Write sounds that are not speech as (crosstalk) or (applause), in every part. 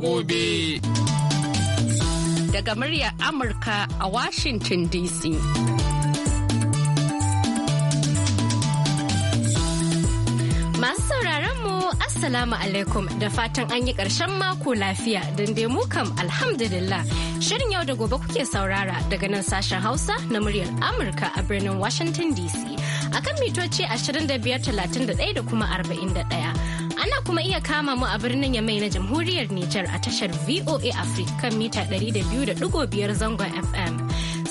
gobe. Daga muryar Amurka a Washington DC. Masu sauraron mu Assalamu alaikum da fatan an yi ƙarshen mako lafiya don dai mu kam alhamdulillah. Shirin yau da gobe kuke saurara daga nan sashen Hausa na muryar Amurka a birnin Washington DC. Akan mitoci 25, 31 da kuma 41. kuma iya kama mu a birnin Yamai na Jamhuriyar Nijar a tashar VOA Africa kan mita 200.5 zangon FM.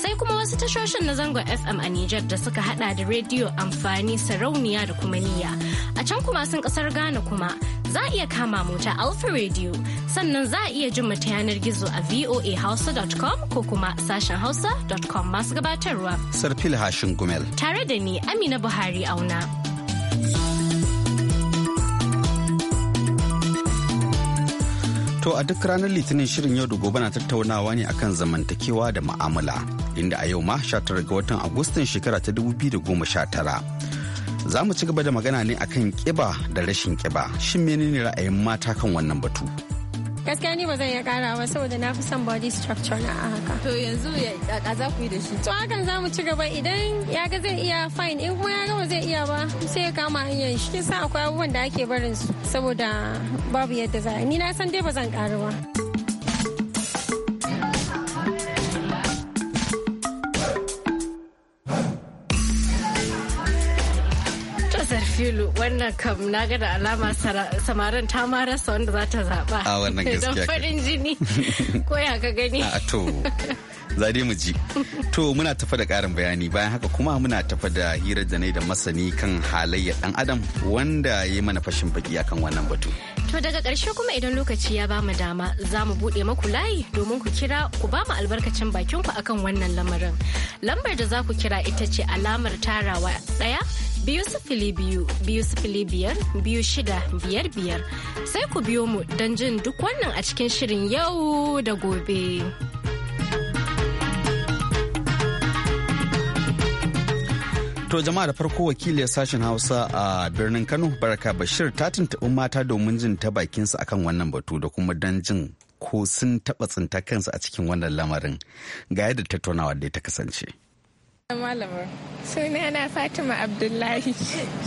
Sai kuma wasu tashoshin na zangon FM a Nijar da suka hada da rediyo amfani sarauniya da kuma niyya. A can kuma sun kasar Ghana kuma za a iya kama mu ta Alpha Radio sannan za a iya jin mu yanar gizo a voahausa.com ko kuma sashen hausa.com masu gabatarwa. Sarfil Hashin Gumel. Tare da ni Amina Buhari auna. To a duk ranar Litinin shirin yau da gobe na tattaunawa ne akan zamantakewa da mu'amala inda a yau ma 19 ga watan Agustan shekara ta 2019. Za mu ci gaba da magana ne akan kiba da rashin kiba. Shin menene ra'ayin mata kan wannan batu? gaskiya ni ba zan iya kara ba saboda na fi son body structure na a haka to yanzu ya za ku yi da shi to hakan za mu ci gaba idan ya ga zai iya fine in kuma ya ga ba zai iya ba sai ya kama hanyar shi sa akwai abubuwan da ake barin su saboda babu yadda za ni na san dai ba zan kara ba Sarfilu wannan kam na ga da alama samarin ta ma rasa wanda za ta zaɓa. A ah, wannan (laughs) gaskiya. Don farin jini (laughs) ko ya ka gani. A ah, to. za dai mu ji. To muna tafa da ƙarin bayani bayan haka kuma muna tafa da hirar da da masani kan halayyar ɗan adam wanda ya mana fashin baki akan wannan batu. To daga ƙarshe kuma idan lokaci ya bamu dama za mu buɗe maku layi domin ku kira ku ba mu albarkacin bakinku akan wannan lamarin. Lambar da za ku kira ita ce alamar tarawa ɗaya biyu sifili biyu biyu sifili biyar biyu shida biyar biyar sai ku biyo mu don jin duk wannan a cikin shirin yau da gobe. To jama'a da farko ya sashen Hausa a birnin Kano Baraka Bashir ta tuntuɓi mata domin jin ta bakinsu akan wannan batu da kuma don jin ko sun taɓa tsinta kansu a cikin wannan lamarin ga yadda tattaunawa da ta kasance. malamar suna na fatima abdullahi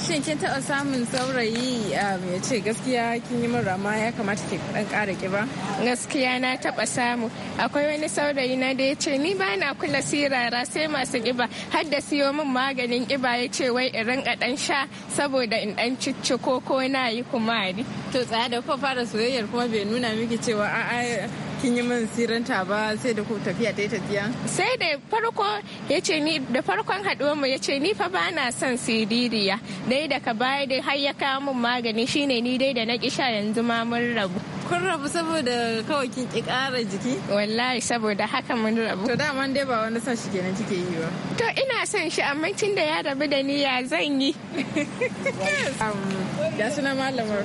shin kin taɓa samun saurayi mai um, ce gaskiya kin yi min rama ya kamata ki dan ƙara kiba gaskiya na taɓa samu akwai wani saurayi na da ya ce ni ba na kula sirara sai masu ƙiba har da siyo min maganin ƙiba ya ce wai in rinka ɗan sha saboda in ɗan cicci ko na yi kumari to tsaya da kuma fara soyayyar kuma bai nuna miki cewa a'a kin yi min siranta ba sai da ku tafiya ta tafiya sai da farko ya ce ni da farkon haɗuwar mu ya ce ni fa ba na son siririya dai daga baya dai har ya kawo min magani shine ni dai da na kisha yanzu ma mun rabu kun rabu saboda kawai kin ki ƙara jiki wallahi saboda haka mun rabu to daman dai ba wani son shi kenan kike yi ba to ina son shi amma tun da ya rabu da ni ya zan yi ya um, suna malamar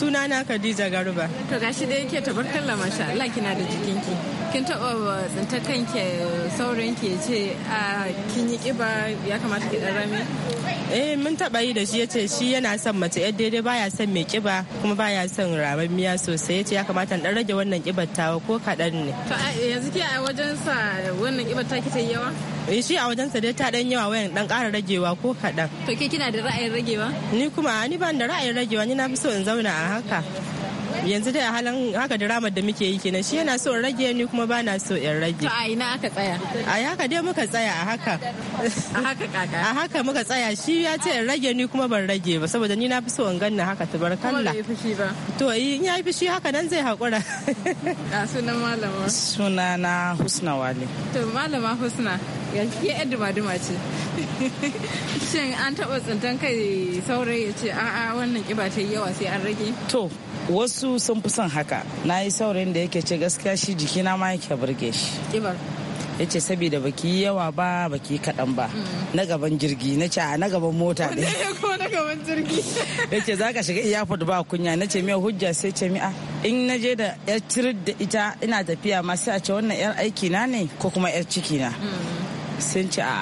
suna na Khadija Garuba to gashi da yake tabarkalla masha Allah kina da jikinki kin taba tsinta kanki saurin ki ce a kin yi kiba ya kamata ki dan rame eh mun taba yi da shi yace shi yana son mace yadda dai baya son mai kiba kuma baya son ramammiya sosai ya ce ya kamata in dan rage wannan kibar tawa ko kaɗan ne. To yanzu ke a wajen sa wannan kibar ta kita yawa? Eh, shi a wajen sa dai ta dan yawa wayan dan ƙara ragewa ko kaɗan. To ke kina da ra'ayin ragewa? Ni kuma ni ban da ra'ayin ragewa ni na fi so in zauna a haka. yanzu dai a halin haka diramar da muke yi kenan shi yana so rage ni kuma ba na so in rage to a ina aka tsaya a haka dai muka tsaya a haka a haka kaka a haka muka tsaya shi ya ce in rage ni kuma ban rage ba saboda ni na fi so in ganna haka tabarkalla to in ya fi fushi haka nan zai haƙura a sunan malama sunana husna wale to malama husna ya yadda duma-duma ce (laughs) shin an taɓa tsintan kai saurayi ya ce a'a wannan kiba ta yawa sai an rage to wasu sun fi son haka na yi saurayin da yake ce gaskiya shi jikina ma yake burge shi ya ce saboda baki yi yawa ba baki kaɗan ba na gaban jirgi na ce a na gaban mota ne (laughs) ya ce za ka shiga iyafod ba kunya na ce miya hujja sai ce mi'a in na je da yar cirit da ita ina tafiya ma sai a ce wannan yar aiki na ne ko kuma yar ciki na hmm. sun ce a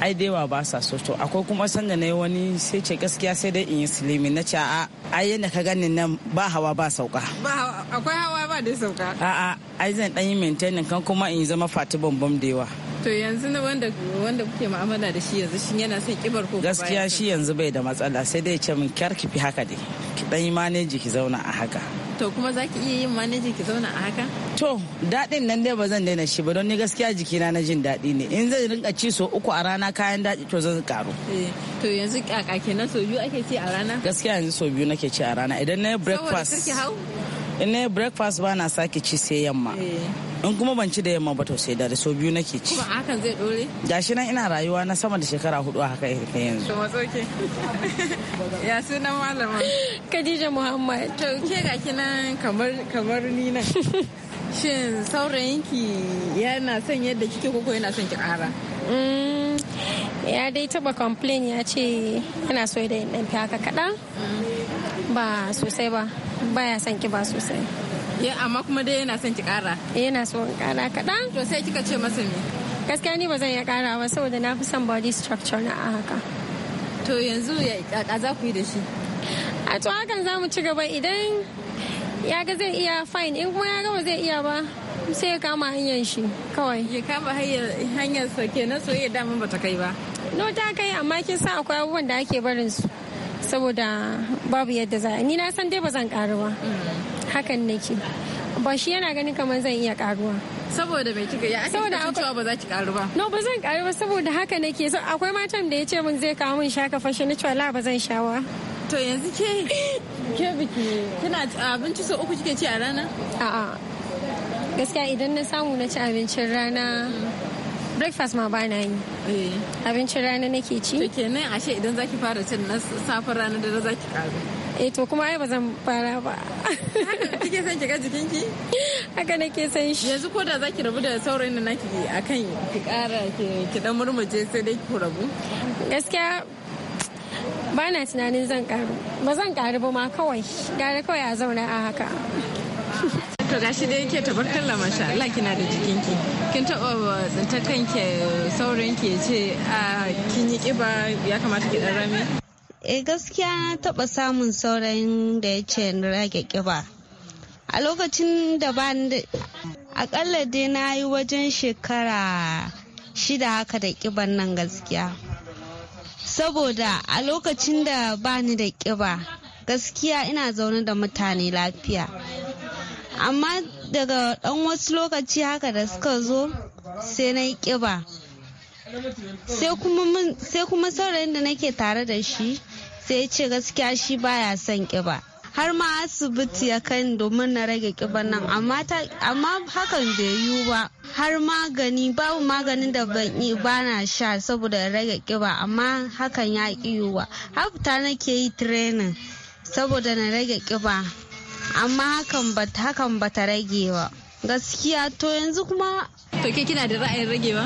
ai da yawa ba sa so to akwai kuma sanda na wani sai ce gaskiya sai dai in yi silimi na ce a ai yadda ka gani nan ba hawa ba sauka ba akwai hawa ba da sauka a'a ai zan dan yi maintaining kan kuma in zama fati bambam da yawa to yanzu na wanda wanda kuke mu'amala da shi yanzu shin yana son kibar ko gaskiya shi yanzu bai da matsala sai dai ce min kyar ki fi haka dai ki dan yi maneji ki zauna a haka To kuma za ki iya yin manajin ki zauna a haka? To daɗin nan dai ba zan daina shi ba don ni gaskiya jikina na jin daɗi ne. In zan rinka ci so uku a rana kayan daɗi to zan karu. Eh, to yanzu kaka kenan so biyu ake ci a rana? Gaskiya yanzu so biyu nake ci a rana idan na yi breakfast. Saboda kake hau? in na breakfast ba na sake ci sai yamma eh. in kuma ban ci da yamma ba to sai dare so biyu nake ci kuma hakan zai dore gashi nan ina rayuwa na sama da shekara hudu haka yanzu to ke (laughs) ya sunan malama kadija Muhammad to ke ga nan kamar kamar ni nan (laughs) shin saurayinki yana son yadda kike koko yana son ki kara mm, ya dai taba complain ya ce yana so da dan fi haka kadan mm. ba sosai ba baya son kiba sosai ya eh, amma kuma dai yana son ki kara eh, yana so in kara kaɗan to sai kika ce masa me gaskiya ni ba zan iya kara ba saboda na fi son body structure na a haka to yanzu ya za ku yi da shi a to hakan za mu ci gaba idan ya ga zai iya fine in kuma ya ga ba zai iya ba sai ya kama hanyar shi kawai ya kama hanyar sa kenan soyayya daman ba ta kai ba no ta kai amma kin san akwai abubuwan da ake barin su saboda babu yadda za ni na san dai ba zan karu ba hakan nake ba shi yana ganin kamar zan iya karuwa saboda mai kika ya saboda cewa ba za ki karu ba no ba zan karu ba saboda haka nake so akwai matan da ya ce mun zai kawo mun shaka fashe na cewa la ba zan sha to yanzu ke (laughs) ke biki kina abinci so uku kike ci a rana a'a gaskiya idan na samu na ci abincin rana breakfast ma bana yi eh. abincin rana nake ci kenan ashe idan zaki fara cin na safin rana da zaki karu e eh to kuma ai ba zan fara ba kike son kiga jikinki (laughs) haka nake son shi yanzu ko da zaki rabu da saurayin da a akan ki kara ki dan murmuje sai dai ki rabu gaskiya ba na tunanin zan karu ba zan karu ba ma kawai gare kawai a zauna a haka (laughs) to gashi da yake tabarkalla masha Allah kina da jikinki kin taba ta kanke saurin ki ce a kin yi kiba ya kamata ki dan rame eh gaskiya na taba samun saurayin da ya ce na rage kiba a lokacin da ba akalla dai na yi wajen shekara shida haka da kiban nan gaskiya saboda a lokacin da bani da kiba gaskiya ina zaune da mutane lafiya amma daga ɗan wasu lokaci haka da suka zo sai na yi ƙiba sai kuma saurayin da nake tare da shi sai ce gaskiya shi baya son ƙiba har ma asibiti ya kai domin na rage kiban nan amma hakan bai yiwu ba har magani babu maganin da ban yi bana sha saboda rage kiba amma hakan ya ƙi yiwuwa hafta nake yi training saboda na rage kiba amma hakan ba hakan rage ba gaskiya to yanzu kuma to ke kina da ra'ayin rage ba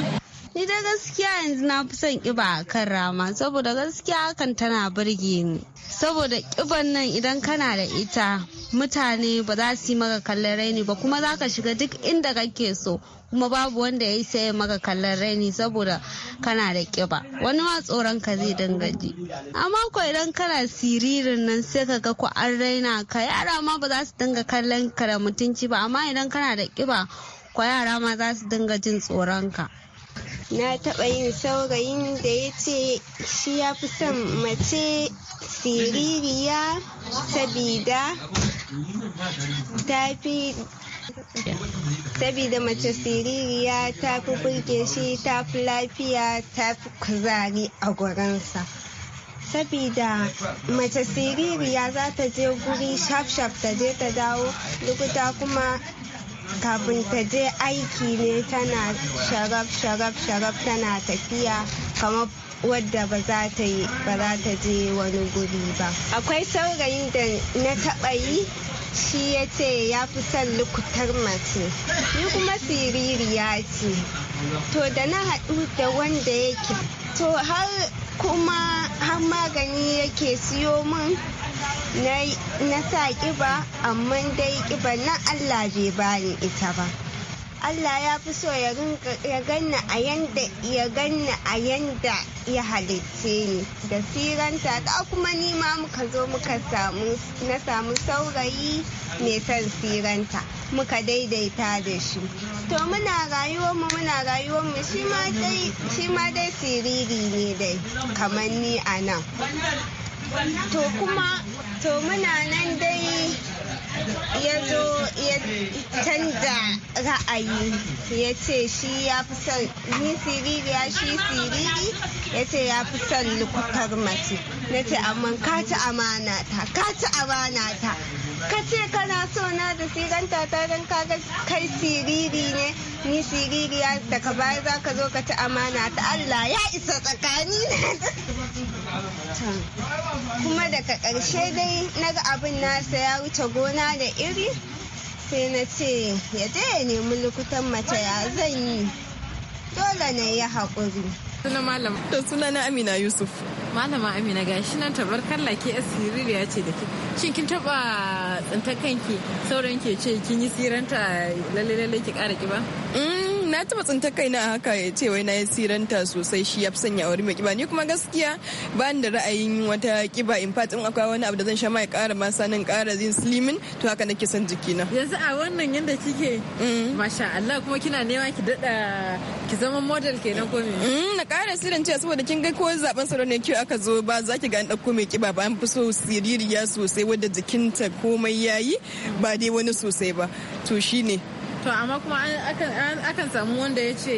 ni da gaskiya yanzu na fi son kiba kan rama saboda gaskiya hakan tana burge ni saboda kiban nan idan kana da ita mutane ba za su yi maka kallon raini ba kuma za ka shiga duk inda kake so kuma babu wanda ya yi sai maka kallon raini saboda kana da kiba wani ma tsoron ka zai dinga ji amma ko idan kana siririn nan sai ka ga ku an raina ka yara ma ba za su dinga kallon ka da mutunci ba amma idan kana da kiba ko yara ma za su dinga jin tsoron ka na taɓa yin saurayin da ya ce shi ya fi son mace siririya sabida ta fi sabida mace siririya ta fi burge shi ta fi lafiya ta fi kuzari a gurinsa sabida mace siririya za ta je guri shaf-shaf ta je ta dawo lokuta kuma kafin ta je aiki ne tana sharaf sharaf sharaf tana tafiya kamar wadda ba za ta yi ba za ta je wani guri ba akwai saurayin da na taɓa yi shi ya ce ya fi son lukutar mace ni kuma siririya ce to da na haɗu da wanda yake to har kuma har magani yake siyo min na sa ƙiba amma dai ƙiban nan Allah bai bani ita ba Allah ya fi so ya ganna a yanda ya ganna a yanda ya halitce ni da siranta da kuma ni ma muka zo muka samu na samu saurayi mai son siranta muka daidaita da shi to muna rayuwar mu muna rayuwar mu shi ma dai siriri ne dai kamar ni a nan to kuma to muna nan dai ya zo ya canza ra'ayi ya ce shi ya fi son ni siririya shi siriri ya ce ya fi son lukutar mace na ce amma ka ci amana ta ka ci amana ta ka ce kana so na da siranta ta don kaga kai siriri ne ni siriri ya daga baya za ka zo ka ci amana ta Allah ya isa tsakani kuma daga ƙarshe dai naga abin nasa ya wuce gona da iri sai na ce ya daya nemi mace ya zan yi dole na yi haƙuri. Suna malam. Da suna na Amina Yusuf. Malama Amina gashi nan kalla ke asiririya ce da ke. Shin kin taba tsintakanki kanki sauran ke ce kin yi siranta lalle lalle ki ƙara ba? na taba tsinta kaina haka ya ce wai na yi siranta sosai shi ya fi sanya wuri mai kiba ni kuma gaskiya ba da ra'ayin wata kiba in fatin akwai wani abu da zan sha mai kara masa nan kara zin slimin to haka nake son jikina yanzu a wannan yanda kike mm. masha Allah kuma kina nema ki dada ki zama model kenan ko me mm, na kara sirin cewa saboda kin ga ko zaben sauran ne kiyo aka zo ba za ki ga an dauko mai kiba ba an fi so siririya sosai wadda jikinta komai yayi ba dai wani sosai ba to shine to amma kuma akan samu wanda ya ce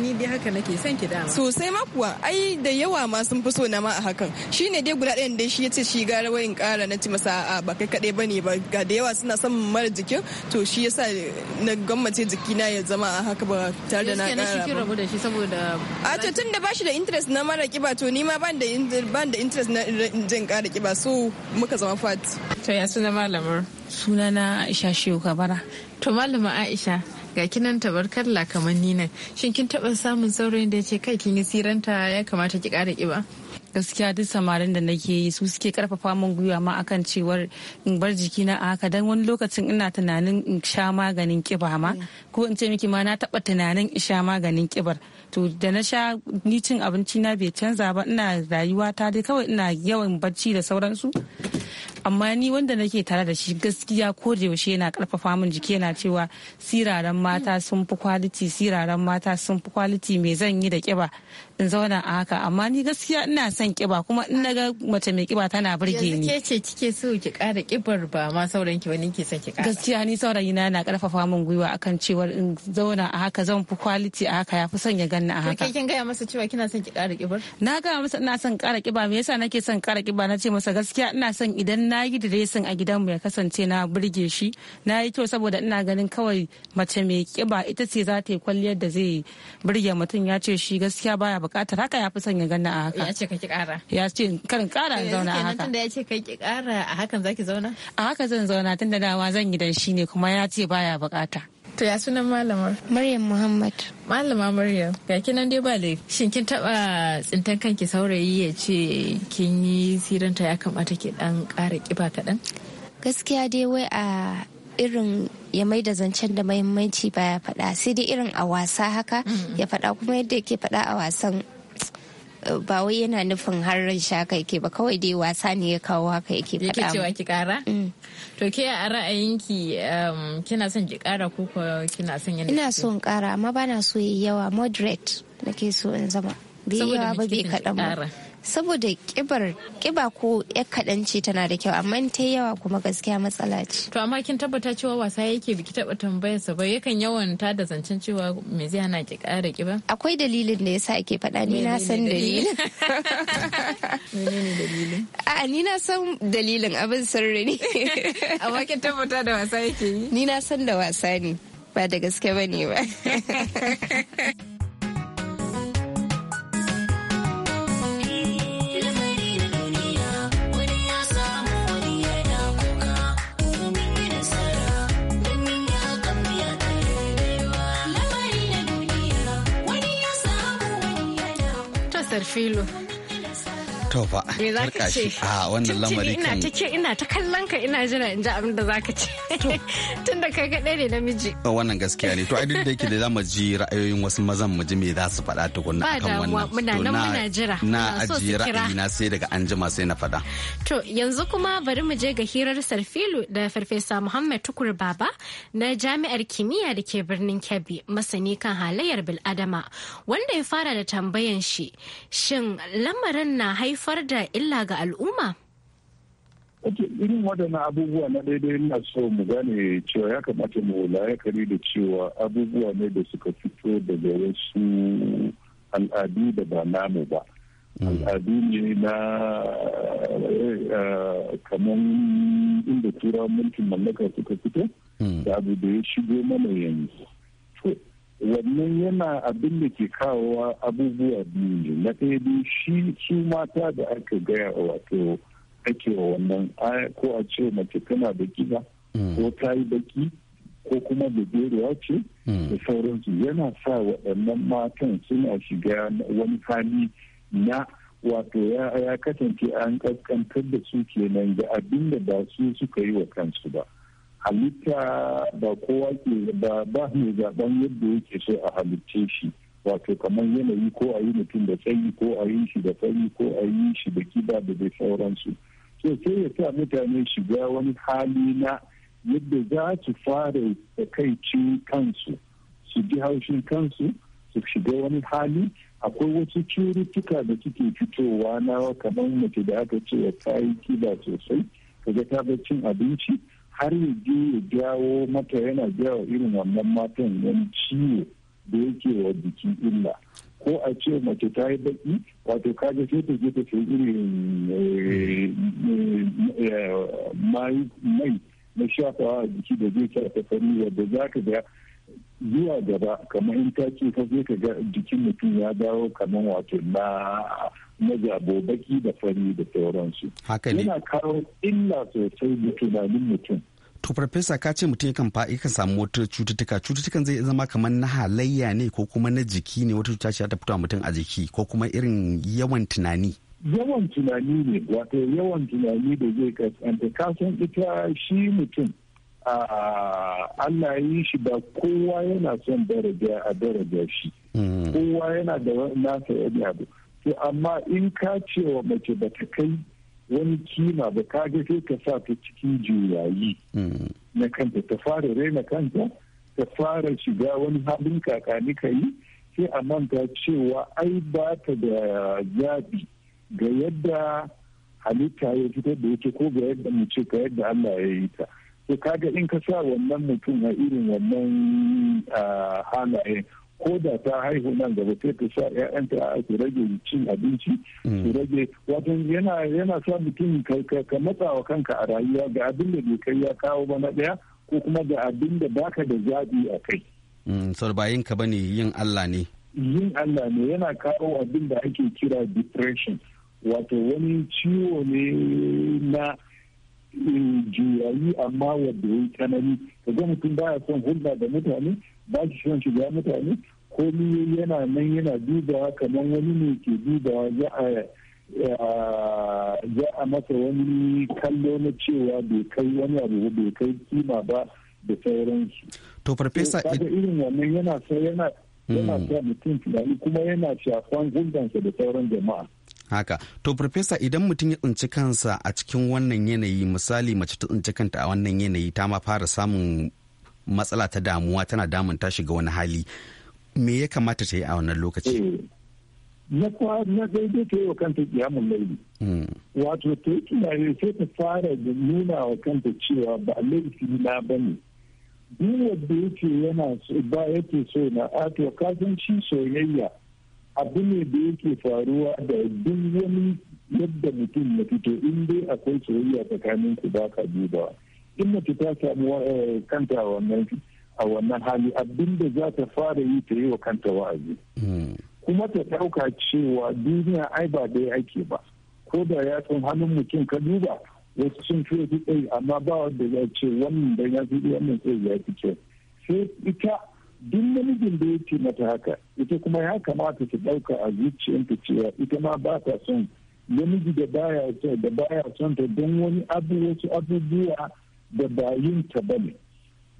ni dai haka nake son ki dama sosai ma kuwa ai da yawa ma sun fi so na ma a hakan shine dai guda ɗayan dai shi ya ce shi gara wayin ƙara na ci masa a ba kai kaɗai bane ba ga da yawa suna son mara jikin to shi yasa na jiki jikina ya zama a haka ba tare da na ƙara ba a to tun da bashi da interest na mara kiba to ni ma ban da interest na jin ƙara kiba so muka zama fat to ya suna malamar sunana aisha shehu kabara to malama aisha ga kinan tabarkalla kamar ni nan shin kin taba samun saurayin da ya ce kai kin yi siranta ya kamata ki kara kiba gaskiya duk samarin da nake yi su suke karfafa min gwiwa ma akan cewar in bar jikina a haka dan wani lokacin ina tunanin in sha maganin kiba ma mm. ko in ce miki ma na taba tunanin in sha maganin kibar to da na sha ni cin abinci na bai canza ba ina rayuwa ta dai kawai ina yawan bacci da sauransu amma ni wanda nake tare da shi gaskiya ko da yaushe yana karfafa min jiki yana cewa siraran mata sun fi kwaliti siraran mata sun fi kwaliti me zan yi da kiba in zauna a haka amma ni gaskiya ina son kiba kuma in na ga mace mai kiba tana burge ni yanzu ke ce kike so ki kara kibar ba ma sauran ki wani ke son ki kara gaskiya ni saurayi na na karfafa min gwiwa akan cewar in zauna a haka zan fi quality a haka ya fi son ya ganni a haka kin gaya masa cewa kina son ki kara kibar na ga masa ina son kara kiba me yasa nake son kara kiba na ce masa gaskiya ina son idan na yi diresin a gidanmu ya kasance na burge shi na yi kyau saboda ina ganin kawai mace mai kiba ita ce za ta yi kwalliyar da zai burge mutum ya ce shi gaskiya baya bukatar haka ya fi son ya ganna a haka. Ya ce kake kara. Ya ce karin kara in zauna a haka. Tunda ya ce kake kara a hakan zaki zauna? A haka zan zauna tunda dama zan yi dan shi ne kuma ya ce baya bukata. To ya sunan malamar? Maryam Muhammad. Malama Maryam, ga kinan dai ba Shin kin taba tsintan kanki saurayi ya ce kin yi siranta ya kamata ki dan kara kiba kaɗan? Gaskiya dai wai a irin ya mai da zancen da mahimmanci ba ya faɗa sai dai irin a wasa haka mm. ya faɗa kuma yadda yake faɗa a wasan ba wai yana nufin harin shaka yake ba kawai dai wasa ne ya kawo haka yake faɗa yake cewa ki kara mm. to ke a ra'ayinki um, kina son ki kara ko kina son yana ina son kara amma bana so yawa moderate nake so in zama bai yawa ba bai kaɗan ba saboda kibar kiba ko ya kaɗan ce tana da kyau amma ta yawa kuma gaskiya matsala ce to amma kin tabbata cewa wasa yake biki taɓa sa ba yakan yawan ta da zancen cewa me zai hana ki ƙara kiba akwai dalilin da yasa ake faɗa ni na san dalilin (laughs) menene dalilin a ni na san dalilin abin sirri ne (laughs) amma kin tabbata da wasa yake yi ni na san da wasa ne ba da gaske ba ne ba (laughs) tarfilo me za karka shi a ah, wannan lamari kan ina ta ina ta kallon ka ina jira in ji abin da zaka ce (laughs) tun da kai kadai ne namiji wannan gaskiya ne to a duk da yake da zamu ji ra'ayoyin wasu mazan mu ji me za su faɗa tukunna akan wannan muna nan muna jira na ajiye ra'ayi na sai daga anjima sai na faɗa to yanzu kuma bari mu je ga hirar Sarfilu da Farfesa Muhammad Tukur Baba na Jami'ar Kimiyya da ke birnin Kebbi masani kan halayyar bil'adama wanda ya fara da tambayan shi shin lamarin na haifa haifar da illa ga al'umma? irin waɗannan abubuwa na daidai na so mu gane cewa ya kamata mu la'akari da cewa abubuwa ne da suka fito daga wasu al'adu da ba namu ba mm. al'adu ne na eh, eh, kamar inda tura mulkin mallaka suka fito mm. da abu da ya shigo mana yanzu wannan yana abin da ke kawowa abubuwa biyu na ɗaya biyu shi su mata da aka gaya a wato ake wa wannan ko a ce mace tana da gida hmm. ko ta yi baki ko kuma da beruwa ce hmm. da sauransu yana sa waɗannan matan suna shiga wani fani na wato ya kasance an kaskantar da su kenan da abin da ba su suka yi wa kansu ba halitta ba kowa ke ba ba mai zaben yadda yake so a halitta shi wato kamar yanayi ko a yi mutum da tsayi ko a yi shi da tsayi ko a yi shi da kiba da dai sauransu so sai ya sa mutane shiga wani hali na yadda za su fara da kai kansu su ji haushin kansu su shiga wani hali akwai wasu cututtuka da suke fitowa na kamar mace da aka ce ta yi kiba sosai kaga ta cin abinci har yanzu ya jawo mata yana jawo irin wannan matan wani ciwo da yake wa jiki illa ko a ce mace ta yi baki wato ga sai ta je ta sai irin eh, eh, mai na shafawa a jiki da zai sa fari wadda za ka ga zuwa gaba kamar in ta ce ka zai ka ga jikin mutum ya dawo kamar wato na na jabo baki da fari da sauransu. Haka ne. Yana kawo illa sosai da tunanin mutum. To farfesa ka ce mutum yakan fa'i ka samu wata cututtuka cututtukan zai zama kamar na halayya ne ko kuma na jiki ne wata cuta ce ta fito mutum a jiki ko kuma irin yawan tunani. Yawan tunani ne wato yawan tunani da zai kasance kasan ita shi mutum Allah yi shi ba kowa yana son daraja a daraja shi. Hmm. Kowa yana da nasa yadda abu. to amma in ka ce wa mace ba ta kai wani kima ba ka ga sai ka sa ta cikin juyayi na kanta ta fara raina kanta ta fara shiga wani halin kakani ka yi sai a manta cewa ai ba ta da zabi ga yadda halitta ya fitar da yake ko ga yadda mu ce ga yadda Allah ya yi ta to kaga in ka sa wannan mutum a irin wannan ah, halaye ko da ta haihu nan gaba sai ta sa ƴaƴanta a su rage cin abinci su mm. rage wato yana sa mutum ka matsawa kanka a rayuwa ga abin da bai kai ya kawo ba na ɗaya ko kuma ga abin da baka da zaɓi a kai. Mm, sau ba yinka ba ne yin Allah ne. Yin Allah ne yana kawo abin da ake kira depression wato wani ciwo ne na eh, juyayi amma wadda ya tsanani ka ga mutum baya son hulɗa da mutane ba shi son shiga mutane komi yana nan yana dubawa kamar wani ne ke dubawa za a za a masa wani kallo na cewa bai kai wani abu bai kai kima ba da sauransu. To farfesa irin wannan yana sa yana yana hmm. sa mutum tunani kuma yana shafan hulɗansa da sauran jama'a. Haka, to farfesa idan mutum ya tsinci kansa a cikin wannan yanayi misali mace ta tsinci kanta a wannan yanayi ta ma fara samun matsala ta damuwa tana damun ta shiga wani hali me ya kamata ta yi a wannan lokaci eh, na na daidai ta yi wa kanta kiyamun laifi hmm. wato ta yi tunani sai ta fara da nuna wa kanta cewa ba laifi na ba ne duk wanda yake yana ba yake so na ato kasanci soyayya abu ne da yake faruwa da duk wani yadda mutum ya fito in dai akwai soyayya tsakanin ku ba ka duba in mace ta samu eh, kanta wannan a wannan hali abinda za ta fara yi ta yi wa kanta wa'azi hmm. kuma ta ɗauka cewa duniya ai ba da dai ake ba ko da ya san hannun mutum ka duba wasu sun fi da tsayi amma ba wanda ya ce wannan da ya fi wannan tsaye ya fi kyau sai ita duk namijin da ya ce mata haka ita kuma ya kamata ta ɗauka a zuciyarta cewa ita ma ba ta son namiji da baya da baya son ta don wani abu wasu abubuwa da ba yinta bane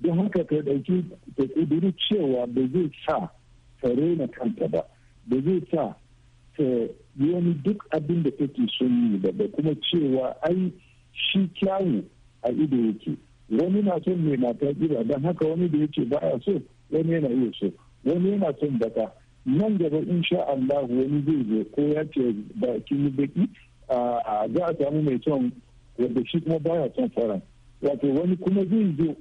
don haka ta dauki ta kuduri cewa ba zai sa ta rena kanta ba ba zai sa ta yi wani duk abin da take son yi ba da kuma cewa ai shi kyawu a ido yake wani na son mai mata kira don haka wani da yake ba a so wani yana iya so wani yana son baka nan gaba insha Allah wani zai zo ko ya ce ba kin yi baki za a samu mai son wanda shi kuma baya son faran wato wani kuma zai zo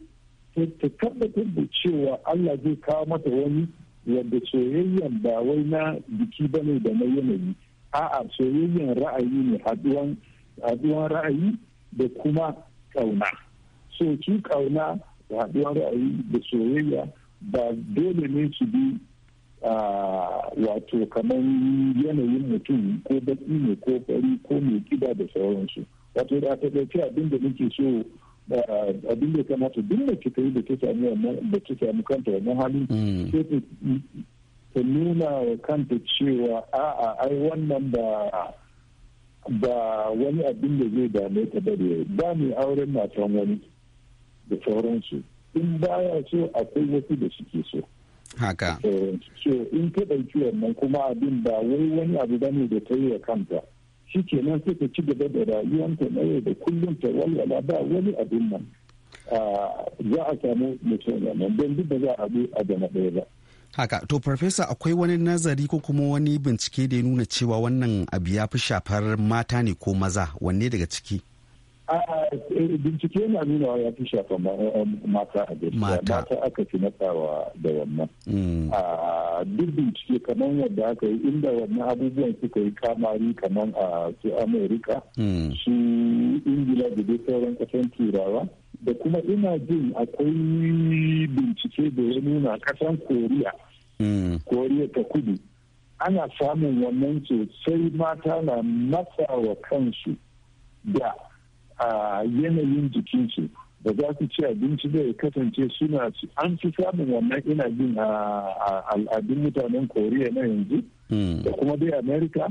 ta tabbatar da cewa Allah zai kawo mata wani wanda soyayyen ba wai na biki ba ne da na yanayi a'a soyayyen ra'ayi ne haduwan ra'ayi da kuma ƙauna so ki ƙauna da haduwan ra'ayi da soyayya ba dole ne su bi wato kamar yanayin mutum ko baki ne ko fari ko mai kiba da sauransu wato da ta ɗauki abin da nake so abin da kamata duk da ta yi da ta samu da kanta wannan hali mm. sai ta nuna kanta cewa a'a ai wannan ba ba wani abin da zai dame ta bare ba ni auren matan wani da sauransu in baya so akwai wasu da suke so haka so in ka ɗauki wannan kuma abin ba wai wani abu bane da ta yi kanta shike kenan sai ta ci gaba da rayuwanta na yau da kullum ta walwala ba wani abin nan za a samu mutum nan don duk ba za a bi a gama ɗaya ba. Haka, to Farfesa akwai wani nazari ko kuma wani bincike da ya nuna cewa wannan abu ya fi shafar mata ne ko maza wanne daga ciki? bincike na nuna ya fi shafa um, mata a gaskiya mata aka fi natsawa da wannan mm. duk bincike kamar yadda aka yi inda wannan abubuwan suka yi kamari kamar a su amerika mm. su ingila da dai sauran kasan turawa da kuma ina jin akwai bincike da ya nuna kasan koriya mm. koriya ta kudu ana samun wannan sosai mata na matsawa kansu da a yanayin jikinsu da za su ci abinci zai kasance suna ci an fi samun wannan ina jin a al'adun mutanen koriya na yanzu hmm. da kuma dai amerika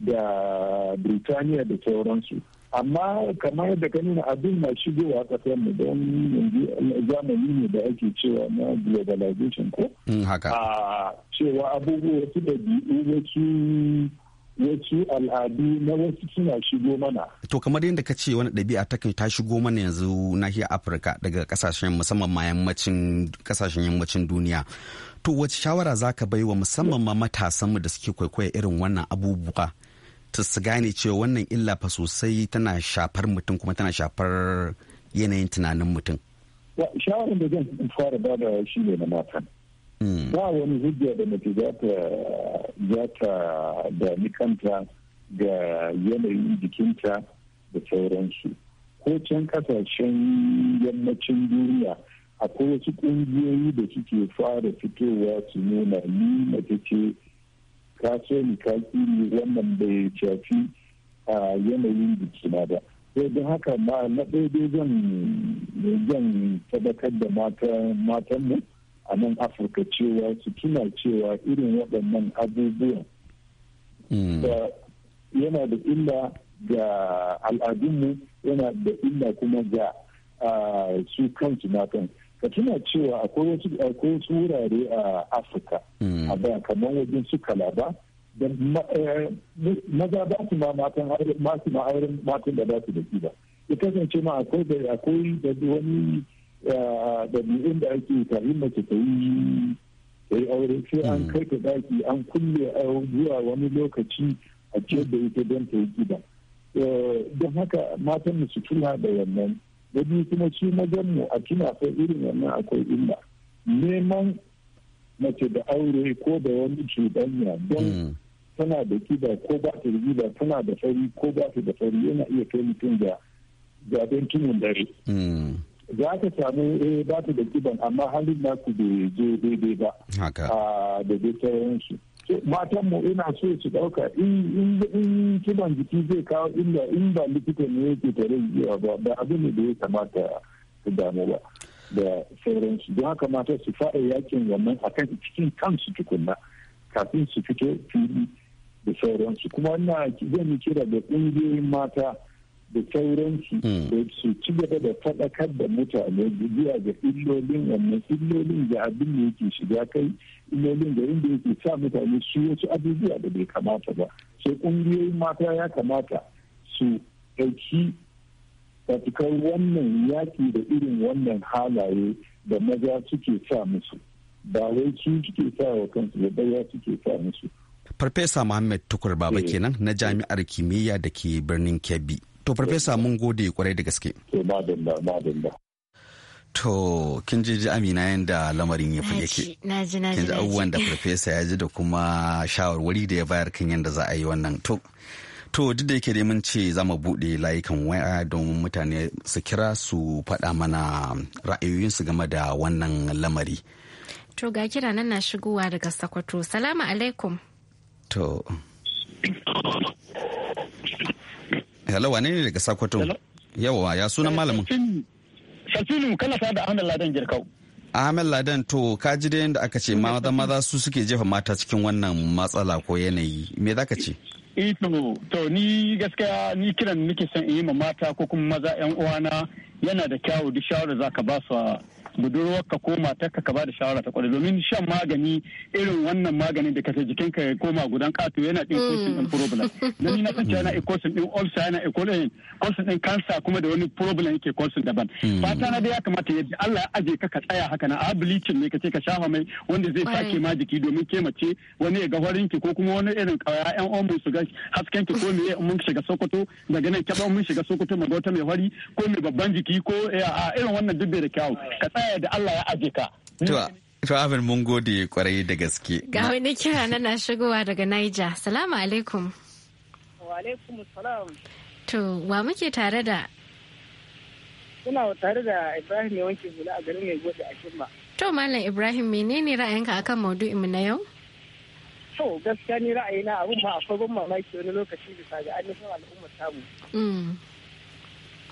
da birtaniya da sauransu amma kamar da nuna abin na shigowa kasar mu don yanzu zamani ne da ake cewa na globalization ko hmm, a cewa abubuwa su da biyu wasu wasu al'adu na wasu suna shigo mana. To kamar yadda ka ce wani ɗabi'a kai ta shigo mana yanzu nahiyar Afirka daga kasashen musamman ma yammacin kasashen yammacin duniya. To wace shawara za ka bai wa musamman ma matasanmu da suke kwaikwaya irin wannan abubuwa ta su gane cewa wannan illa fa sosai tana shafar mutum kuma tana shafar yanayin tunanin mutum. Shawarar da zan fara bada shi ne na matan. Mm. ba wani hujja da mace za ta dami kanta ga yanayin jikinta da sauransu ko can kasashen yammacin duniya akwai wasu ƙungiyoyi da suke fara fitowa su nuna ni mace ce ka so ni ka ni wannan bai shafi a yanayin jikina ba sai don haka na ɗaya zan zan tabbatar da matan mu a nan afirka cewa su tuna cewa irin waɗannan abubuwan hmm. da yana da illa ga al'adunmu yana da illa kuma ga su kansu matan ka tuna cewa akwai wasu wurare a afirka hmm. a baya kamar wajen su kalaba da eh, maza ba su ma matan auren matan da ba su da ba ya kasance ma akwai da akwai da wani ɗabi'un da ake tari mace ta yi ta yi aure sai an hmm. kai ta daki an kulle zuwa wani lokaci a ce da ita don ta yi gida eh, don haka matan su tuna da wannan da biyu kuma su mazan mu a tuna sai irin wannan akwai illa neman mace da aure ko da wani cuɗanya don hmm. tana da kiba ko ba ta da kiba tana da fari ko ba ta da fari yana iya kai mutum ga zaben tunin dare. Hmm. za ta samu eh ba ta da kiban amma halin ku bai je daidai ba ah, da dai sauransu matan mu ina so su dauka in kiban jiki zai kawo inda in ba likita ne yake tare ba ba abin da ya kamata su damu ba da sauransu don haka mata su fara yakin wannan akan cikin kansu tukunna kafin su fito fili da sauransu kuma ina zan kira da ƙungiyoyin mata da sauransu hmm. da su ci gaba da faɗakar da mutane biya ga illolin wannan illolin da abin da yake shiga kai illolin da inda yake sa mutane su wasu abubuwa da bai kamata ba sai ƙungiyoyin mata ya kamata su ɗauki fatikar wannan yaƙi da irin wannan halaye da maza suke sa musu ba wai su suke sa wa kansu da ya suke sa musu Farfesa Muhammad Tukur Baba eh. kenan na Jami'ar Kimiyya da ke birnin Kebbi. To farfesa mun gode kwarai da gaske. Eh, to kin ji ji Amina yadda lamarin ya fi yake. Kin ji abubuwan da farfesa ya ji da kuma shawarwari da ya bayar kan yadda za a yi wannan. To To duk da yake dai mun ce za mu buɗe layukan waya domin mutane su kira su faɗa mana ra'ayoyinsu game da wannan lamari. To ga kira nan na shigowa daga Sokoto. Salamu alaikum. To. Hello wane ne daga Sokoto? Yawa ya sunan eh, malamin. kana kalasa da Ahmed Ladan Jirkau. Ahmed Ladan to ka ji da yadda aka ce maza maza su suke jefa mata cikin wannan matsala ko yanayi me za ka ce? Ito eh, to ni gaskiya ni kiran nake son yi ma mata ko kuma maza yan uwana yana da kyawu duk shawarar za ka ba su ka koma ta ka da shawara ta kwarai domin shan magani irin wannan magani da kashe ka ya koma gudan kato yana ɗin kosin mm. ɗin problem (laughs) na ni na san yana kosin ɗin ulcer yana kosin ɗin kansa kuma da wani problem yake kosin daban mm. fata na da ya kamata yadda Allah ya aje ka ka tsaya haka na a bleaching ne ka ce ka shafa mai wanda zai sake ma jiki domin ke mace wani ya ga ki ko kuma wani irin kawaya yan omun su ga hasken ki ko me mun shiga Sokoto daga nan kaba mun shiga Sokoto mu ga wata mai wari ko mai babban jiki ko eh, a irin wannan duk da kyau ka aya da Allah ya aje ka to abin mun gode kwarai da gaske ga wani kira na na shigowa daga Niger salamu alaikum wa alaikum salam to wa muke tare da Suna tare da Ibrahim ya wanke hula a garin mai gode a Shimba. To Malam Ibrahim menene ra'ayinka akan maudu'in mu na yau? To gaskiya ni ra'ayina abin ba a ban mamaki wani lokaci bisa ga ainihin al'ummar tamu. Mm.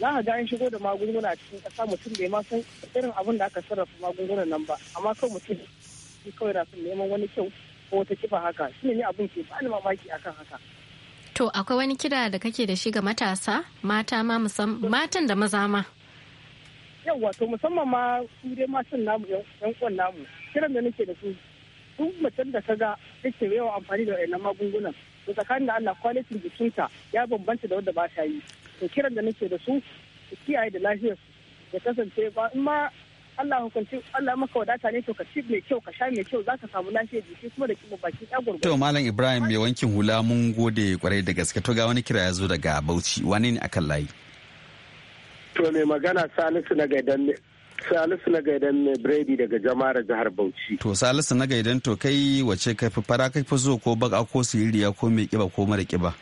za a ga an shigo da magunguna a cikin kasa mutum bai ma san irin abin da aka sarrafa magungunan nan ba amma kawai mutum shi kawai na son neman wani kyau ko wata kifa haka shi ne abin ke ba ni mamaki akan haka. To akwai wani kira da kake da shi ga matasa mata ma musamman matan da maza ma. Yawwa to musamman ma su dai matan namu yan kwan namu kiran da nake da su duk mutum da ga yake yawan amfani da wayannan magungunan to tsakanin da Allah kwalitin jikinta ya bambanta da wanda ba ta yi to kiran da nake da su su kiyaye da lafiyar ya kasance ba in ma Allah hukunci Allah maka wadata ne to ka ci mai kyau ka sha mai kyau zaka samu lafiyar jiki kuma da kima baki ɗan gurgurta. To Malam Ibrahim mai wankin hula mun gode kwarai da gaske to ga wani kira ya zo daga Bauchi wani ne akan layi. To mai magana Salisu na gaidan Salisu na gaidan Brady daga jama'ar jihar Bauchi. To Salisu na gaidan to kai wace kai fi fara kai fi zo ko baka ko siriya ko mai kiba ko mara kiba.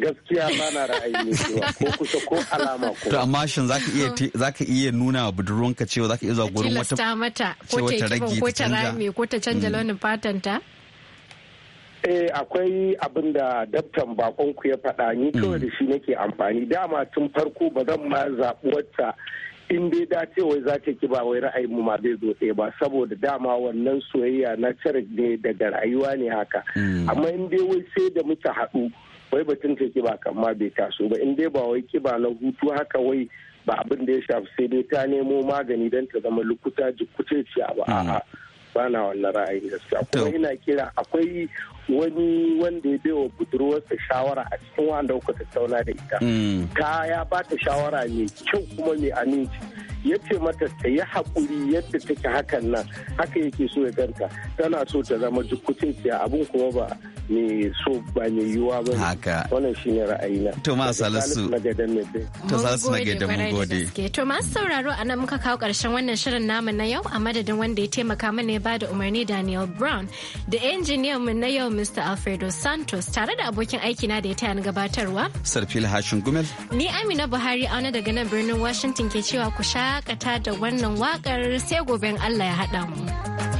gaskiya ba na ra'ayi ne cewa ko kusa ko alama ko to amma shin zaka iya zaka iya nuna wa budurwanka cewa zaka iya zuwa gurin wata ta mata ko ta rage ko ta rame ko ta canja mm. launin fatan ta eh akwai abin da daftan bakon ku ya faɗa ni mm. kawai da shi nake amfani dama tun farko ba zan ma zaɓi wata in dai dace wai za ta ki ba wai ra'ayi mu ma bai zo tsaye ba saboda dama wannan soyayya na cire ne daga rayuwa ne haka mm. amma in dai wai sai da muka haɗu wai batun kai kiba kamma bai taso ba in dai ba wai kiba na hutu haka wai ba abin da ya shafi sai dai ta nemo magani don ta zama lukuta jikuceciya ba mm. a'a ba na wannan ra'ayin gaskiya kuma ina kira akwai wani wanda ya bewa wa budurwarsa shawara a cikin wanda kuka tattauna da ita mm. ta ya ba ta shawara mai kyau kuma mai aminci ya ce mata ta yi haƙuri yadda take hakan nan haka yake so ya ganta tana so ta zama jikutin abin kuma ba ne so ba ne yiwuwa ba haka wannan shi ne ra'ayina na salisu Thomas na gaida mun gode Thomas sauraro a nan muka kawo ƙarshen wannan shirin namu na yau a madadin wanda ya taimaka mana ya ba da umarni Daniel Brown da injiniyan mu na yau Mr. Alfredo Santos tare da abokin aikina da ya taya ni gabatarwa. Sarfil Hashin Gumel. Ni Amina Buhari auna daga nan birnin Washington ke cewa ku shakata da wannan wakar sai goben Allah ya haɗa mu.